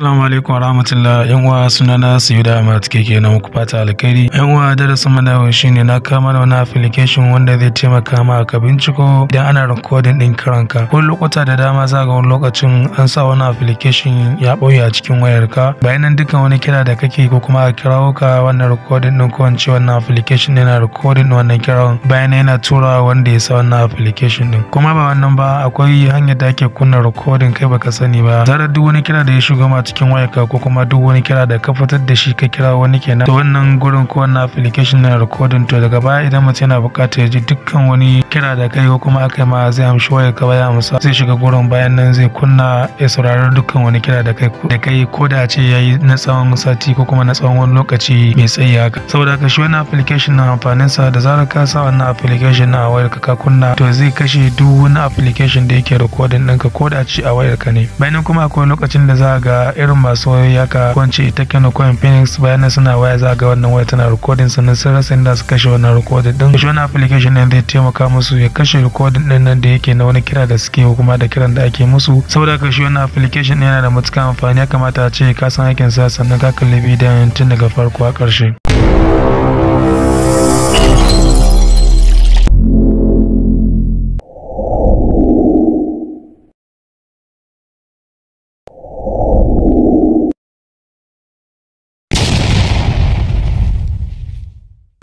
Assalamu alaikum wa rahmatullah yan uwa sunana Sayuda Ahmad keke na muku fata alkhairi yan uwa darasin mu na yau shine na kama da wani application wanda zai taimaka ma ka binciko idan ana recording din karanka. ko lokuta da dama za ga wani lokacin an sa wani application ya boye a cikin wayarka bayan nan dukkan wani kira da kake ko kuma a kirawo ka wannan recording din ko an ce wannan application yana recording wannan kiran bayan yana tura wanda ya sa wannan application din kuma ba wannan ba akwai hanyar da ake kunna recording kai baka sani ba zarar duk wani kira da ya shiga cikin wayarka ko kuma duk wani kira da ka fitar da shi ka kira wani kenan to wannan gurin ko wannan application na recording to daga baya idan mutum yana buƙatar ya ji dukkan wani kira da kai ko kuma aka ma zai amshi wayar ka baya amsa zai shiga gurin bayan nan zai kunna ya saurari dukkan wani kira da kai da kai ko da ce yayi na tsawon sati ko kuma na tsawon wani lokaci mai tsayi haka saboda haka shi wannan application na amfanin sa da zarar ka sa wannan application na wayar ka kunna to zai kashe duk wani application da yake recording ɗinka ko da ce a wayar ka ne bayan kuma akwai lokacin da za ga irin masu wayoyi ya ko ce ita kenan Coin Phoenix bayan suna waya za ga wannan waya tana recording sannan sun rasa inda su kashe wannan recording din. Kashe wannan application ne zai taimaka musu ya kashe recording din nan da yake na wani kira da suke kuma da kiran da ake musu. Saboda kashe wannan application yana da matuƙar amfani ya kamata a ce ka san aikin sa sannan ka kalli bidiyon tun daga farko a ƙarshe.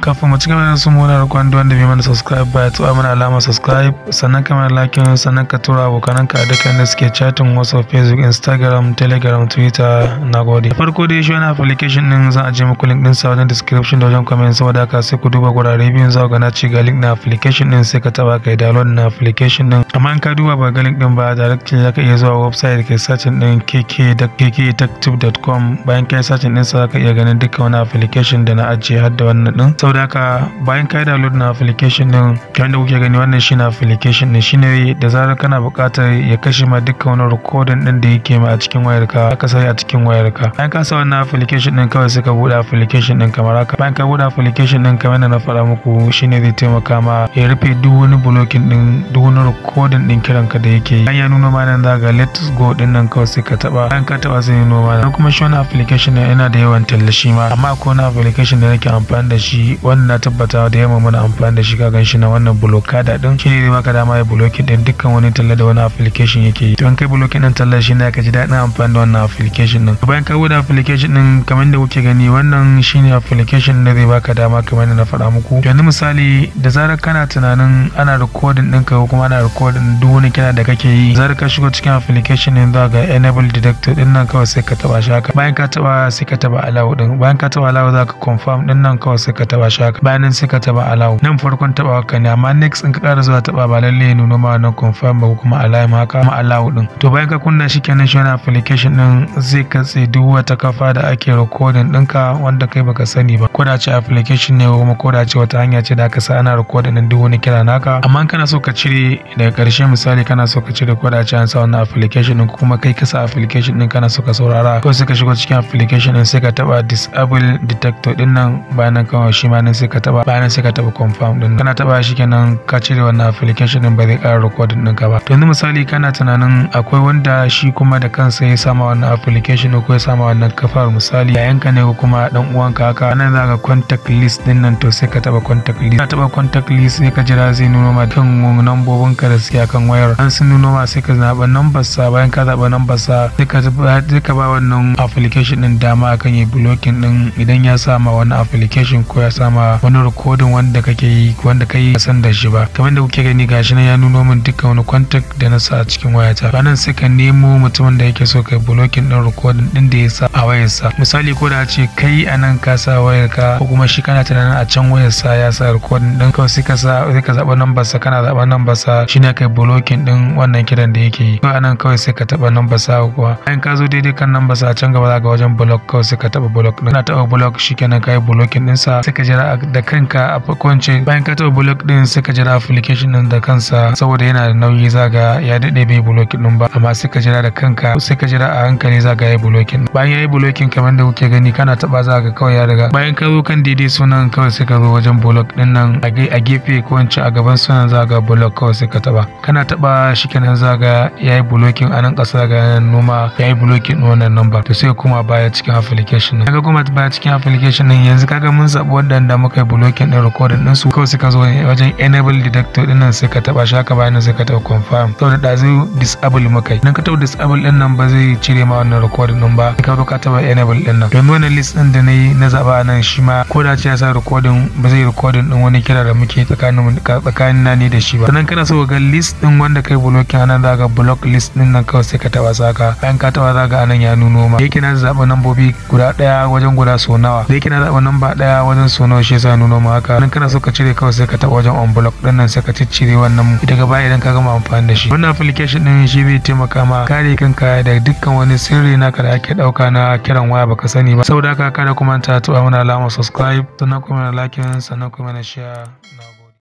kafin mu cigaba da su muna roƙon duk wanda bai mana subscribe ba ya tuwa mana alamar subscribe sannan kamar like sannan ka tura abokanan ka duka inda suke chatting whatsapp facebook instagram telegram twitter na gode farko dai shi wani application din a je muku link din sa wajen description da wajen comment saboda haka sai ku duba gurare biyun za ku ga na ci ga link na application din sai ka taba kai download na application din amma in ka duba ba ga link din ba direct za ka iya zuwa website kai searching din kk.kk.tube.com bayan kai searching din sa za ka iya ganin duka wani application da na ajiye har da wannan din saboda haka bayan ka yi download na application din da kuke gani wannan shi na application din shine da zarar kana buƙatar ya kashe ma dukkan wani recording din da yake ma a cikin wayar ka aka sai a cikin wayar ka bayan ka sa wannan application din kawai suka bude application din kamar haka bayan ka bude application din kamar yadda na faɗa muku shine zai taimaka ma ya rufe duk wani blocking din duk wani recording din kiran ka da yake yi ya nuna ma nan za ga let's go din nan kawai sai ka taba bayan ka taba sai ya nuna ma kuma shi wani application din yana da yawan tallashi ma amma akwai wani application da nake amfani da shi wannan na tabbata da yamma mana amfani da shi ka ganshi na wannan blokada din shi ne baka dama ya bloki din dukkan wani talla da wani application yake yi don kai bloki din talla shi ne ka ji daɗin amfani da wannan application din bayan ka bude application din kamar da kuke gani wannan shine application da zai baka dama kamar da na faɗa muku yanzu misali da zarar kana tunanin ana recording ka ko kuma ana recording duk wani kira da kake yi zarar ka shigo cikin application din za ga enable detector din nan kawai sai ka taba shi haka bayan ka taba sai ka taba allow din bayan ka taba allow za ka confirm din nan kawai sai ka taba shaka bayan nan taba alawo nan farkon taba haka ne amma next in ka ƙara zuwa taba ba lalle ya nuno ma wannan confirm ba kuma allow haka kuma alawo din to bayan ka kunna shi kenan shi wannan application din zai katse duk wata kafa da ake recording ɗinka wanda kai baka sani ba ko da ce application ne kuma ko ce wata hanya ce da aka sa ana recording din duk wani kira naka amma kana so ka cire daga ƙarshe misali kana so ka cire ko da ce an sa wannan application din kuma kai ka sa application din kana so ka saurara ko sai ka shigo cikin application din sai ka taba disable detector din nan bayan nan kawai shi ma nan sai ka taba bayan sai ka taba confirm din kana taba shi kenan ka cire wannan application din ba zai ƙara recording din ka ba to yanzu misali kana tunanin akwai wanda shi kuma da kansa ya sama wannan application ko ya sama wannan kafar misali yanka ne ko kuma dan uwan haka nan za ka contact list din nan to sai ka taba contact list ka taba contact list sai ka jira zai nuno ma kan nambobin ka da suke kan wayar an sun nuno ma sai ka zaba number sa bayan ka zaba number sa sai ka sai ka ba wannan application din dama akan yi blocking din idan ya sama wannan application ko ya sama ma wani rikodin wanda kake yi wanda kai san da shi ba kamar da kuke gani gashi nan ya nuno min dukkan wani kwantak da na sa a cikin wayata ranar sai ka nemo mutumin da yake so kai blocking din rikodin din da ya sa a wayarsa misali ko da ce kai a nan ka sa wayar ka ko kuma shi kana tunanin a can wayar sa ya sa rikodin din kawai sai ka sa sai ka zaba number sa kana zaba number sa shine kai blocking din wannan kiran da yake yi kawai a nan kawai sai ka taba number sa kuwa bayan ka zo daidai kan number sa a can gaba za ka wajen block kawai sai ka taba block din kana taba block shikenan kai blocking din sa sai ka jira da kanka a kwance bayan ka taɓa block ɗin sai ka jira application ɗin da kansa saboda yana da nauyi zaga ya daɗe bai block ɗin ba amma sai ka jira da kanka sai ka jira a hankali zaga ya yi ɗin bayan ya yi ɗin kamar da kuke gani kana taɓa zaga kawai ya riga bayan ka zo kan daidai sunan kawai sai ka zo wajen block ɗin nan a gefe ko in a gaban sunan zaga block kawai sai ka taɓa kana taɓa shi kenan zaga ya yi ɗin a nan ƙasa ga noma ya yi ɗin wannan number to sai kuma baya cikin application din kaga kuma baya cikin application ɗin yanzu kaga mun zaɓi wanda waɗanda muka yi blocking ɗin recording ɗin su kawai suka zo wajen enable detector ɗin nan suka taɓa shi haka bayan suka taɓa confirm da ɗazu disable muka yi idan ka taɓa disable ɗin nan ba zai cire ma wannan recording ɗin ba ka ka taɓa enable ɗin nan domin wannan list ɗin da na yi na zaɓa nan shi ma ko da ce ya sa recording ba zai recording ɗin wani kira da muke tsakanin tsakanin na ni da shi ba sannan kana so ga list ɗin wanda kai blocking anan za ka block list ɗin nan kawai sai ka taɓa saka bayan ka taɓa za ga anan ya nuno ma yake na zaɓa nambobi guda ɗaya wajen guda so nawa yake na zaɓa namba ɗaya wajen so nunawa shi yasa nuno ma haka nan kana so ka cire kawai sai ka taɓa wajen block din nan sai ka ciccire wannan daga baya idan ka gama amfani da shi wannan application din shi bai taimaka ma kare kanka da dukkan wani sirri naka da ake dauka na kiran waya baka sani ba saboda haka kada kuma ta taɓa mana alamar subscribe sannan kuma na like sannan kuma na share